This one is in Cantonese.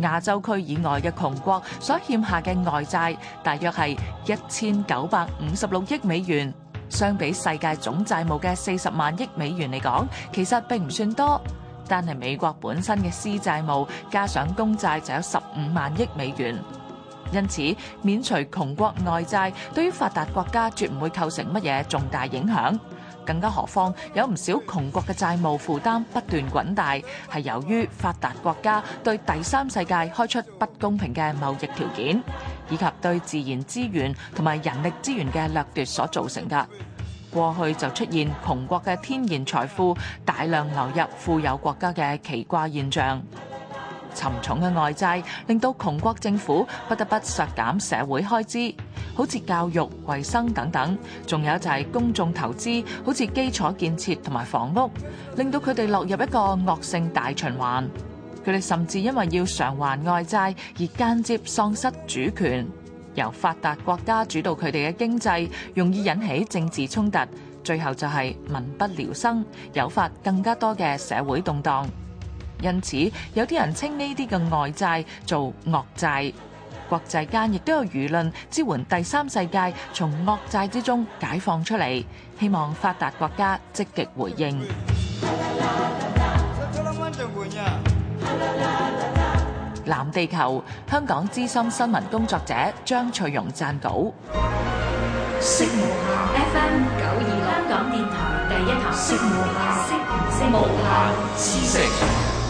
亞洲區以外嘅窮國所欠下嘅外債，大約係一千九百五十六億美元。相比世界總債務嘅四十萬億美元嚟講，其實並唔算多，但係美國本身嘅私債務加上公債就有十五萬億美元。因此，免除窮國外債對於發達國家絕唔會構成乜嘢重大影響。更加何況，有唔少窮國嘅債務負擔不斷滾大，係由於發達國家對第三世界開出不公平嘅貿易條件，以及對自然資源同埋人力資源嘅掠奪所造成嘅。過去就出現窮國嘅天然財富大量流入富有國家嘅奇怪現象。沉重嘅外債令到窮國政府不得不削減社會開支，好似教育、衞生等等。仲有就係公眾投資，好似基礎建設同埋房屋，令到佢哋落入一個惡性大循環。佢哋甚至因為要償還外債而間接喪失主權，由發達國家主導佢哋嘅經濟，容易引起政治衝突。最後就係民不聊生，誘發更加多嘅社會動盪。因此，有啲人稱呢啲嘅外債做惡債，國際間亦都有輿論支援第三世界從惡債之中解放出嚟，希望發達國家積極回應。藍地球，香港資深新聞工作者張翠蓉撰稿。色無限 FM 九二香港電台第一台。色無限，色無限，色無限，思成。